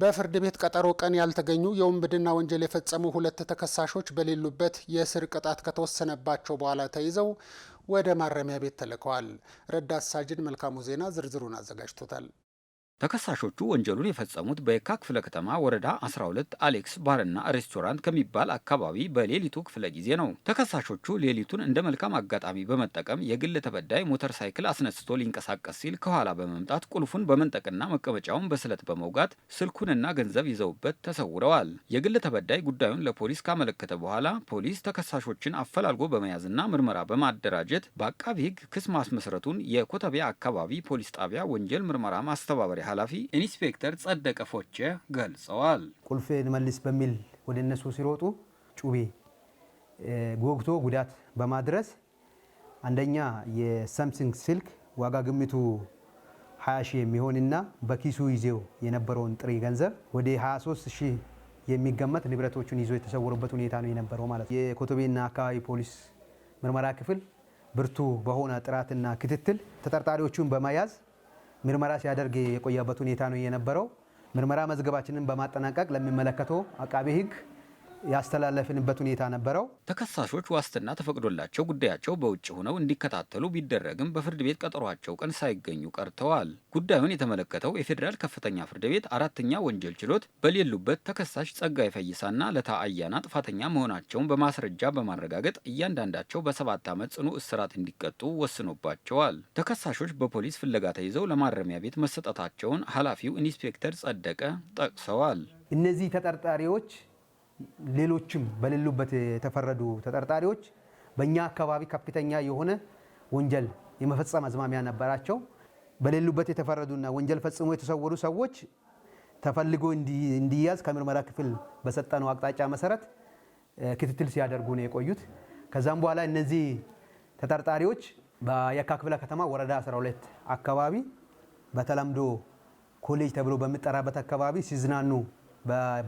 በፍርድ ቤት ቀጠሮ ቀን ያልተገኙ የውንብድና ወንጀል የፈጸሙ ሁለት ተከሳሾች በሌሉበት የእስር ቅጣት ከተወሰነባቸው በኋላ ተይዘው ወደ ማረሚያ ቤት ተልከዋል። ረዳት ሳጅን መልካሙ ዜና ዝርዝሩን አዘጋጅቶታል። ተከሳሾቹ ወንጀሉን የፈጸሙት በየካ ክፍለ ከተማ ወረዳ 12 አሌክስ ባርና ሬስቶራንት ከሚባል አካባቢ በሌሊቱ ክፍለ ጊዜ ነው። ተከሳሾቹ ሌሊቱን እንደ መልካም አጋጣሚ በመጠቀም የግል ተበዳይ ሞተር ሳይክል አስነስቶ ሊንቀሳቀስ ሲል ከኋላ በመምጣት ቁልፉን በመንጠቅና መቀመጫውን በስለት በመውጋት ስልኩንና ገንዘብ ይዘውበት ተሰውረዋል። የግል ተበዳይ ጉዳዩን ለፖሊስ ካመለከተ በኋላ ፖሊስ ተከሳሾችን አፈላልጎ በመያዝና ምርመራ በማደራጀት በአቃቢ ሕግ ክስ ማስመስረቱን የኮተቢያ አካባቢ ፖሊስ ጣቢያ ወንጀል ምርመራ ማስተባበሪያ ኃላፊ ኢንስፔክተር ጸደቀ ፎቼ ገልጸዋል። ቁልፍ እንመልስ በሚል ወደ እነሱ ሲሮጡ ጩቤ ጎግቶ ጉዳት በማድረስ አንደኛ የሳምሰንግ ስልክ ዋጋ ግምቱ 20 ሺህ የሚሆንና በኪሱ ይዜው የነበረውን ጥሬ ገንዘብ ወደ 23 ሺህ የሚገመት ንብረቶቹን ይዞ የተሰወሩበት ሁኔታ ነው የነበረው ማለት ነው። የኮቶቤና አካባቢ ፖሊስ ምርመራ ክፍል ብርቱ በሆነ ጥራትና ክትትል ተጠርጣሪዎቹን በመያዝ ምርመራ ሲያደርግ የቆየበት ሁኔታ ነው የነበረው። ምርመራ መዝገባችንን በማጠናቀቅ ለሚመለከተው አቃቤ ሕግ ያስተላለፍንበት ሁኔታ ነበረው። ተከሳሾች ዋስትና ተፈቅዶላቸው ጉዳያቸው በውጭ ሆነው እንዲከታተሉ ቢደረግም በፍርድ ቤት ቀጠሯቸው ቀን ሳይገኙ ቀርተዋል። ጉዳዩን የተመለከተው የፌዴራል ከፍተኛ ፍርድ ቤት አራተኛ ወንጀል ችሎት በሌሉበት ተከሳሽ ጸጋይ ፈይሳና ለታ አያና ጥፋተኛ መሆናቸውን በማስረጃ በማረጋገጥ እያንዳንዳቸው በሰባት ዓመት ጽኑ እስራት እንዲቀጡ ወስኖባቸዋል። ተከሳሾች በፖሊስ ፍለጋ ተይዘው ለማረሚያ ቤት መሰጠታቸውን ኃላፊው ኢንስፔክተር ጸደቀ ጠቅሰዋል። እነዚህ ተጠርጣሪዎች ሌሎችም በሌሉበት የተፈረዱ ተጠርጣሪዎች በእኛ አካባቢ ከፍተኛ የሆነ ወንጀል የመፈጸም አዝማሚያ ነበራቸው። በሌሉበት የተፈረዱና ወንጀል ፈጽሞ የተሰወሩ ሰዎች ተፈልጎ እንዲያዝ ከምርመራ ክፍል በሰጠነው አቅጣጫ መሰረት ክትትል ሲያደርጉ ነው የቆዩት። ከዛም በኋላ እነዚህ ተጠርጣሪዎች በየካ ክፍለ ከተማ ወረዳ 12 አካባቢ በተለምዶ ኮሌጅ ተብሎ በሚጠራበት አካባቢ ሲዝናኑ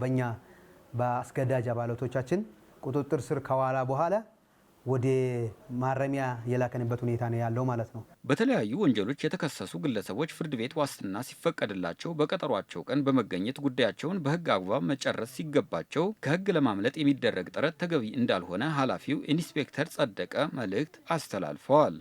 በኛ በአስገዳጅ አባላቶቻችን ቁጥጥር ስር ከዋላ በኋላ ወደ ማረሚያ የላከንበት ሁኔታ ነው ያለው ማለት ነው። በተለያዩ ወንጀሎች የተከሰሱ ግለሰቦች ፍርድ ቤት ዋስትና ሲፈቀድላቸው በቀጠሯቸው ቀን በመገኘት ጉዳያቸውን በሕግ አግባብ መጨረስ ሲገባቸው ከሕግ ለማምለጥ የሚደረግ ጥረት ተገቢ እንዳልሆነ ኃላፊው ኢንስፔክተር ጸደቀ መልእክት አስተላልፈዋል።